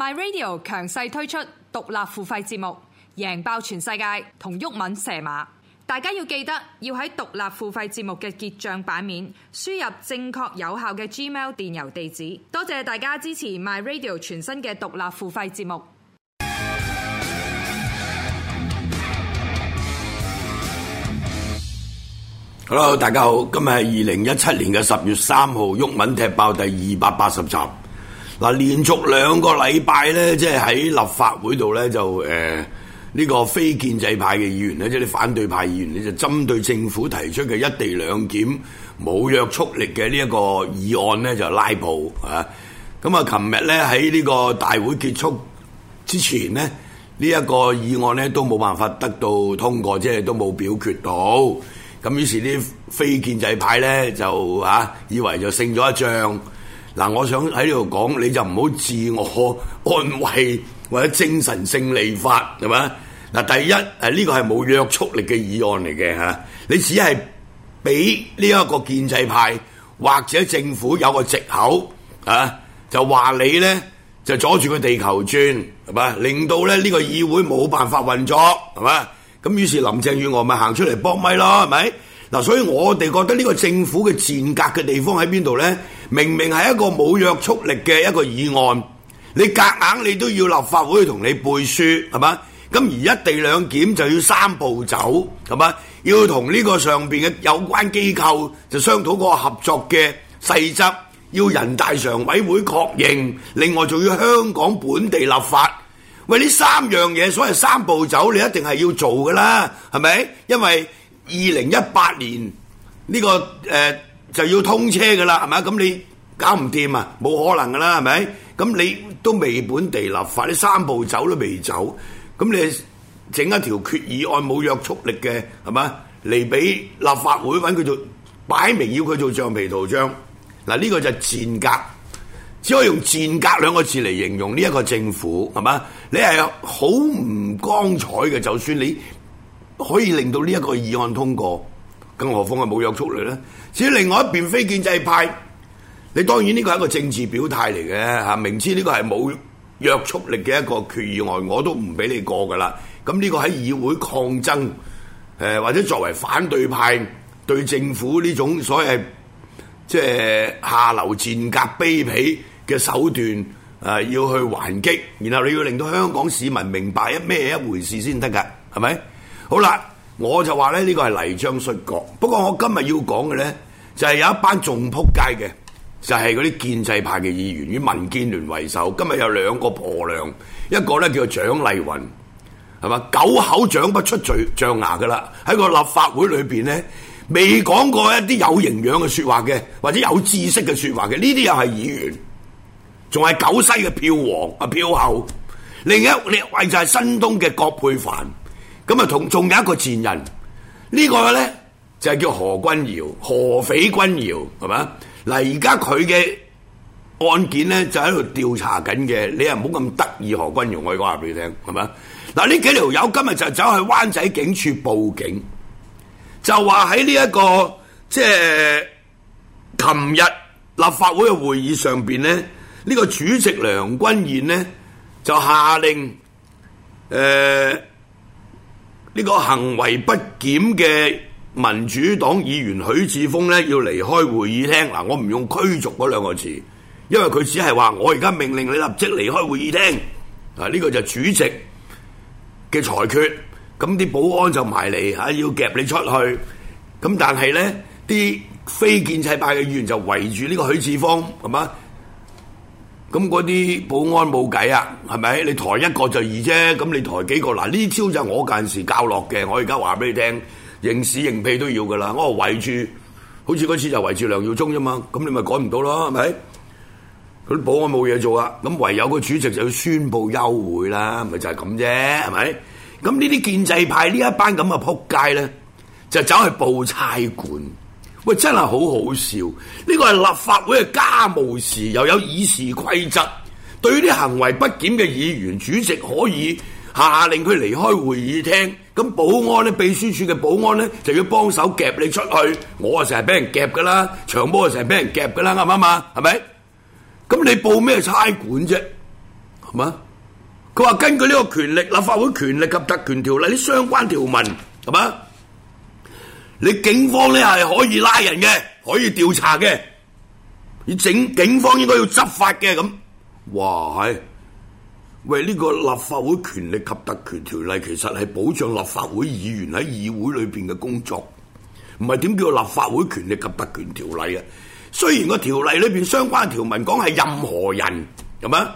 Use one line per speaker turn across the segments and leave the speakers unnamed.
My Radio 強勢推出獨立付費節目，贏爆全世界！同毓民射馬，大家要記得要喺獨立付費節目嘅結賬版面輸入正確有效嘅 Gmail 電郵地址。多謝大家支持 My Radio 全新嘅獨立付費節目。Hello，大家好，今日係二零一七年嘅十月三號，毓民踢爆第二百八十集。嗱，連續兩個禮拜咧，即係喺立法會度咧，就誒呢、呃呢個非建制派嘅議員咧，即係啲反對派議員咧，就針對政府提出嘅一地兩檢冇約束力嘅呢一個議案咧，就拉布啊！咁、嗯、啊，琴日咧喺呢個大會結束之前呢，呢、呢、一個議案咧都冇辦法得到通過，即係都冇表決到。咁於是啲非建制派咧就啊以為就勝咗一仗。嗱，我想喺呢度講，你就唔好自我安慰或者精神勝利法，係咪？嗱，第一誒呢個係冇約束力嘅議案嚟嘅嚇，你只係俾呢一個建制派或者政府有個藉口啊，就話你咧就阻住個地球轉係咪？令到咧呢個議會冇辦法運作係咪？咁於是林鄭月娥咪行出嚟幫咪咯係咪？嗱，所以我哋覺得呢個政府嘅賤格嘅地方喺邊度呢？明明係一個冇約束力嘅一個議案，你夾硬你都要立法會同你背書，係嘛？咁而一地兩檢就要三步走，係嘛？要同呢個上邊嘅有關機構就商討嗰個合作嘅細則，要人大常委會確認，另外仲要香港本地立法。喂，呢三樣嘢，所謂三步走你一定係要做噶啦，係咪？因為二零一八年呢、這個誒、呃、就要通車噶啦，係咪啊？咁你搞唔掂啊？冇可能噶啦，係咪？咁你都未本地立法，你三步走都未走，咁你整一條決議案冇約束力嘅，係咪？嚟俾立法會搵佢做，擺明要佢做橡皮圖章。嗱，呢個就係賤格，只可以用賤格兩個字嚟形容呢一個政府，係咪啊？你係好唔光彩嘅，就算你。可以令到呢一個議案通過，更何況係冇約束力咧。至於另外一邊非建制派，你當然呢個係一個政治表態嚟嘅嚇，明知呢個係冇約束力嘅一個決議案，我都唔俾你過噶啦。咁呢個喺議會抗爭，誒或者作為反對派對政府呢種所謂即係下流、賤格、卑鄙嘅手段誒，要去還擊，然後你要令到香港市民明白一咩一回事先得㗎，係咪？好啦，我就話咧呢個係泥漿摔角。不過我今日要講嘅呢，就係、是、有一班仲撲街嘅，就係嗰啲建制派嘅議員，以民建聯為首。今日有兩個婆娘，一個呢叫蔣麗芸，係咪？狗口長不出嘴象牙噶啦，喺個立法會裏邊呢，未講過一啲有營養嘅說話嘅，或者有知識嘅說話嘅，呢啲又係議員，仲係九西嘅票王啊票后。另一另一位就係新東嘅葛珮帆。咁啊，同仲有一個賤人，這個、呢個咧就係叫何君堯，何匪君堯，係咪？嗱，而家佢嘅案件咧就喺度調查緊嘅，你又唔好咁得意何君堯，我講入俾你聽，係咪？嗱，呢幾條友今日就走去灣仔警署報警，就話喺呢一個即係琴日立法會嘅會議上邊咧，呢、這個主席梁君彥咧就下令，誒、呃。呢個行為不檢嘅民主黨議員許智峯呢，要離開會議廳嗱，我唔用驅逐嗰兩個字，因為佢只係話我而家命令你立即離開會議廳，嗱、啊、呢、這個就主席嘅裁決，咁、啊、啲保安就埋嚟，吓、啊，要夾你出去，咁、啊、但係呢啲非建制派嘅議員就圍住呢個許智峯，係嘛？咁嗰啲保安冇計啊，係咪？你抬一個就易啫，咁你抬幾個？嗱，呢招就我嗰陣時教落嘅，我而家話俾你聽，認屎認屁都要噶啦，我話圍住，好似嗰次就圍住梁耀忠啫嘛，咁你咪改唔到咯，係咪？啲保安冇嘢做啊，咁唯有個主席就要宣布休會啦，咪就係咁啫，係咪？咁呢啲建制派呢一班咁嘅撲街咧，就走去報差館。喂，真係好好笑！呢個係立法會嘅家務事，又有議事規則。對於啲行為不檢嘅議員，主席可以下令佢離開會議廳。咁保安咧，秘書處嘅保安咧就要幫手夾你出去。我啊成日俾人夾㗎啦，長毛啊成日俾人夾㗎啦，啱唔啱啊？係咪？咁你報咩差館啫？係嘛？佢話根據呢個權力，立法會權力及特權條例啲相關條文，係嘛？你警方咧，係可以拉人嘅，可以調查嘅。你警警方應該要執法嘅咁。哇，係喂，呢個立法會權力及特權條例其實係保障立法會議員喺議會裏邊嘅工作，唔係點叫立法會權力及特權條例啊？雖然個條例裏邊相關條文講係任何人，係咪？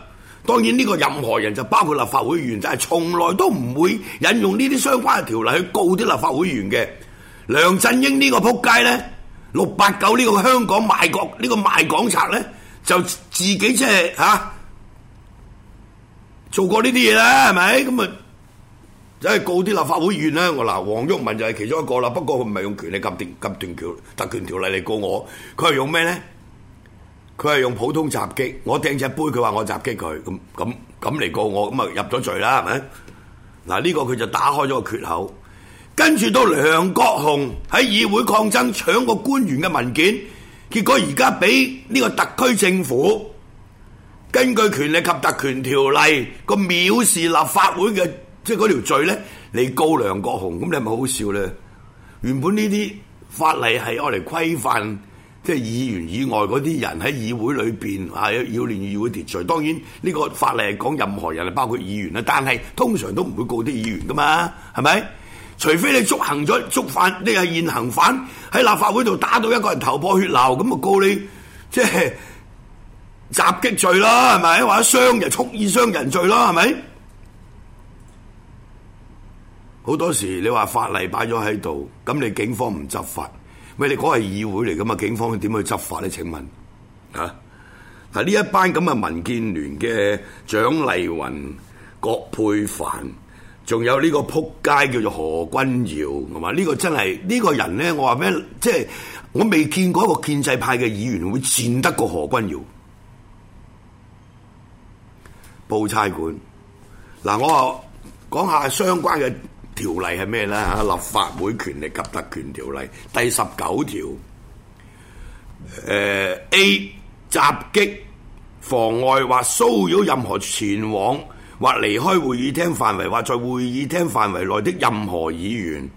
當然呢個任何人就包括立法會員，就係從來都唔會引用呢啲相關嘅條例去告啲立法會員嘅。梁振英個呢個扑街咧，六八九呢個香港賣國呢、呢個賣港賊咧，就自己即係吓做過呢啲嘢啦，係咪咁啊？即係告啲立法會議員啦。我嗱，黃毓民就係其中一個啦。不過佢唔係用權力禁斷禁斷條特權條例嚟告我，佢係用咩咧？佢係用普通襲擊。我掟隻杯，佢話我襲擊佢，咁咁咁嚟告我，咁啊入咗罪啦，係咪？嗱呢個佢就打開咗個缺口。跟住到梁國雄喺議會，抗爭搶個官員嘅文件，結果而家俾呢個特區政府根據《權力及特權條例》個藐視立法會嘅即係嗰條罪咧，你告梁國雄，咁你係咪好笑咧？原本呢啲法例係攞嚟規範即係議員以外嗰啲人，喺議會裏邊係要亂議會秩序。當然呢個法例係講任何人，係包括議員啦。但係通常都唔會告啲議員噶嘛，係咪？除非你捉行咗捉犯，你係現行犯喺立法會度打到一個人頭破血流，咁啊告你即係襲擊罪啦，係咪？或者傷人、蓄意傷人罪啦，係咪？好多時你話法例擺咗喺度，咁你警方唔執法，咪你講係議會嚟噶嘛？警方點去執法咧？請問啊？嗱，呢一班咁嘅民建聯嘅蔣麗芸、葛珮帆。仲有呢個撲街叫做何君堯，係嘛？呢個真係呢、這個人咧，我話咩？即係我未見過一個建制派嘅議員會戰得過何君堯。報差館嗱，我講下相關嘅條例係咩啦？立法會權力及特權條例第十九條，誒、呃、A 襲擊、妨礙或騷擾任何前往。或離開會議廳範圍，或在會議廳範圍內的任何議員，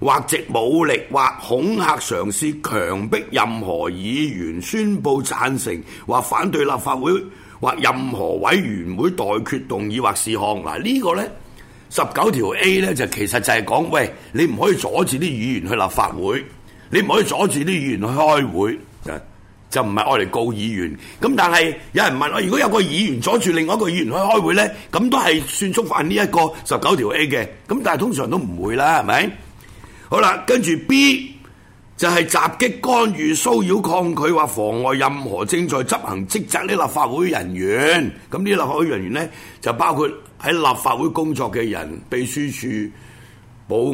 或藉武力或恐嚇嘗試強迫任何議員宣佈贊成或反對立法會或任何委員會待決動議或事項。嗱，呢個呢十九條 A 呢，就其實就係講，喂，你唔可以阻止啲議員去立法會，你唔可以阻止啲議員去開會。就唔係愛嚟告議員，咁但係有人問我，如果有個議員阻住另外一個議員去開會呢，咁都係算觸犯呢一個十九條 A 嘅，咁但係通常都唔會啦，係咪？好啦，跟住 B 就係襲擊、干預、騷擾、抗拒或妨礙任何正在執行職責嘅立法會人員，咁呢，立法會人員呢，就包括喺立法會工作嘅人、秘書處、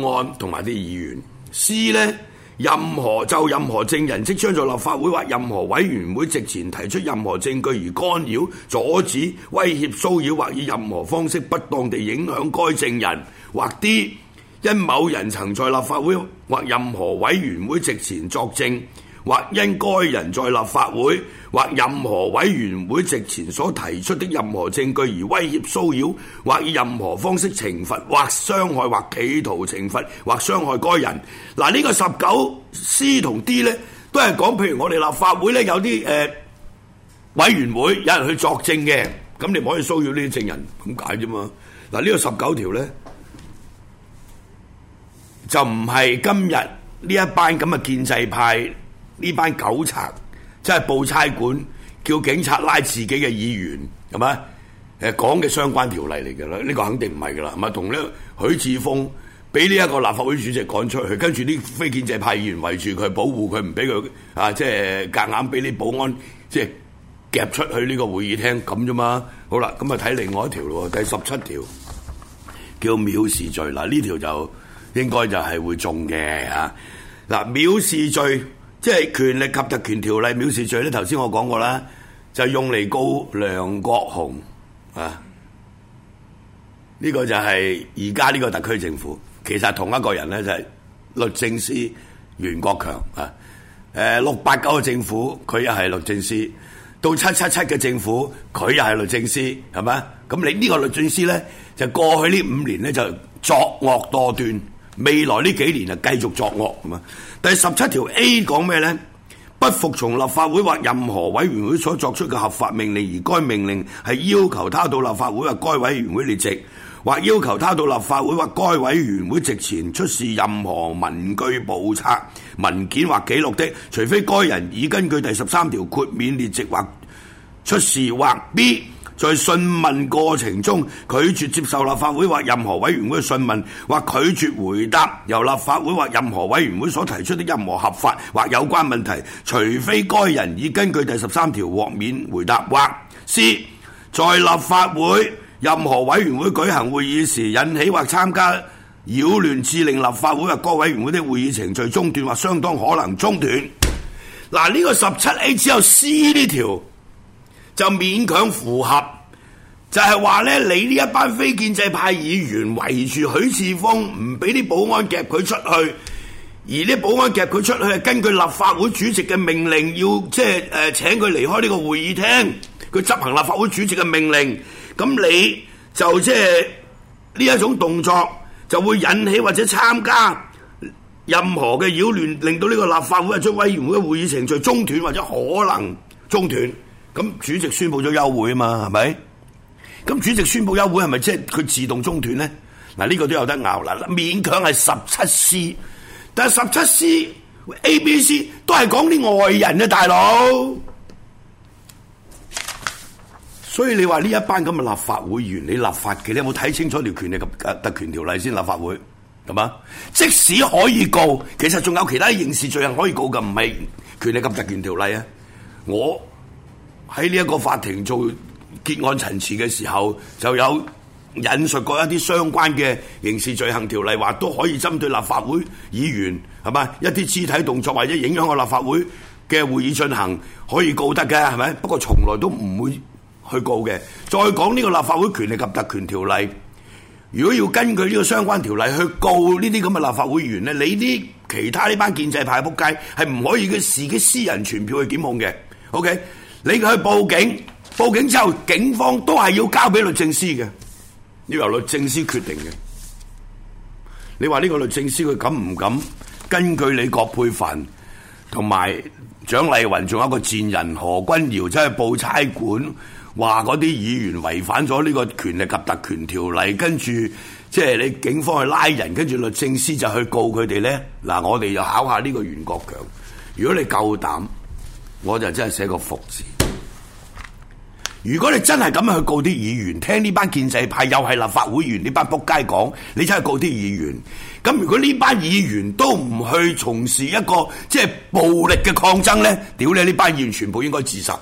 保安同埋啲議員。C 呢。任何就任何證人，即將在立法會或任何委員會席前提出任何證據而干擾、阻止、威脅、騷擾或以任何方式不當地影響該證人，或啲因某人曾在立法會或任何委員會席前作證。或因該人在立法會或任何委員會席前所提出的任何證據而威脅、騷擾或以任何方式懲罰、或傷害、或企圖懲罰、或傷害該人。嗱，呢個十九 C 同 D 呢，都係講，譬如我哋立法會呢有啲誒委員會有人去作證嘅，咁你唔可以騷擾呢啲證人，咁解啫嘛。嗱，呢個十九條呢就唔係今日呢一班咁嘅建制派。呢班狗賊，即係報差館，叫警察拉自己嘅議員，係咪？誒講嘅相關條例嚟嘅啦，呢、這個肯定唔係噶啦，係咪同呢許智峰俾呢一個立法會主席趕出去，跟住啲非建制派議員圍住佢保護佢，唔俾佢啊，即係夾硬俾啲保安即係夾出去呢個會議廳咁啫嘛。好啦，咁啊睇另外一條咯，第十七條叫藐視罪嗱，呢條就應該就係會中嘅啊嗱，藐視罪。即係權力及特權條例藐視罪咧，頭先我講過啦，就用嚟告梁國雄啊，呢個就係而家呢個特區政府，其實同一個人咧，就係律政司袁國強啊，誒，六八九嘅政府佢又係律政司，到七七七嘅政府佢又係律政司，係咪啊？咁你呢個律政司咧，就過去呢五年咧，就作惡多端。未來呢幾年啊，繼續作惡，第十七條 A 講咩呢？不服從立法會或任何委員會所作出嘅合法命令，而該命令係要求他到立法會或該委員會列席，或要求他到立法會或該委員會席前出示任何文據、簿冊、文件或記錄的，除非該人已根據第十三條豁免列席或出示或 B。在訊問過程中拒絕接受立法會或任何委員會嘅訊問，或拒絕回答由立法會或任何委員會所提出的任何合法或有關問題，除非該人已根據第十三條獲免回答；或 C，在立法會任何委員會舉行會議時，引起或參加擾亂、致令立法會或各委員會的會議程序中斷或相當可能中斷。嗱，呢個十七 A 只有 C 呢條。就勉強符合，就係話咧，你呢一班非建制派議員圍住許智峰，唔俾啲保安夾佢出去，而啲保安夾佢出去係根據立法會主席嘅命令，要即係誒請佢離開呢個會議廳，佢執行立法會主席嘅命令。咁你就即係呢一種動作，就會引起或者參加任何嘅擾亂，令到呢個立法會啊、或委員會嘅會議程序中斷或者可能中斷。咁主席宣布咗休會啊嘛，係咪？咁主席宣布休會係咪即係佢自動中斷咧？嗱、這、呢個都有得拗，嗱，勉強係十七 C，但係十七 C A、B、C ABC，都係講啲外人啊，大佬。所以你話呢一班咁嘅立法會員，你立法嘅你有冇睇清楚條權力及特特權條例先？立法會係嘛？即使可以告，其實仲有其他刑事罪行可以告噶，唔係權力及特權條例啊，我。喺呢一個法庭做結案陳詞嘅時候，就有引述過一啲相關嘅刑事罪行條例，話都可以針對立法會議員係嘛，一啲肢體動作或者影響個立法會嘅會議進行，可以告得嘅係咪？不過從來都唔會去告嘅。再講呢個立法會權力及特權條例，如果要根據呢個相關條例去告呢啲咁嘅立法會議員咧，你啲其他呢班建制派仆街，係唔可以佢自己私人傳票去檢控嘅。OK。你去報警，報警之後警方都係要交俾律政司嘅，要由律政司決定嘅。你話呢個律政司佢敢唔敢根據你葛珮帆同埋蔣麗芸仲有一個賤人何君堯，走去報差館，話嗰啲議員違反咗呢個權力及特權條例，跟住即係你警方去拉人，跟住律政司就去告佢哋咧。嗱，我哋又考下呢個袁國強，如果你夠膽。我就真係寫個服字。如果你真係咁樣去告啲議員，聽呢班建制派又係立法會員呢班仆街講，你真係告啲議員。咁如果呢班議員都唔去從事一個即係、就是、暴力嘅抗爭呢，屌你！呢班議員全部應該自殺。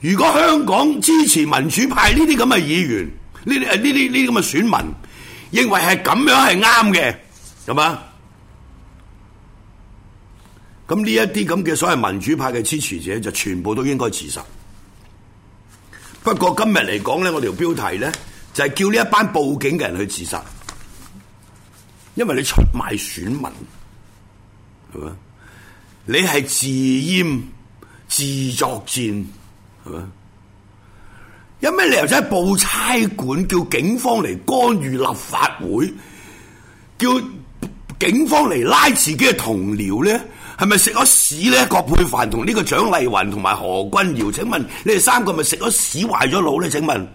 如果香港支持民主派呢啲咁嘅議員，呢啲誒呢啲咁嘅選民認為係咁樣係啱嘅，係嘛？咁呢一啲咁嘅所謂民主派嘅支持者就全部都應該自殺。不過今日嚟講咧，我條標題咧就係、是，叫呢一班報警嘅人去自殺，因為你出賣選民，係嘛？你係自閹自作賤，係嘛？有咩理由真係報差館叫警方嚟干預立法會，叫警方嚟拉自己嘅同僚咧？係咪食咗屎咧？葛珮帆同呢個蔣麗芸同埋何君堯，請問你哋三個係咪食咗屎壞咗腦咧？請問。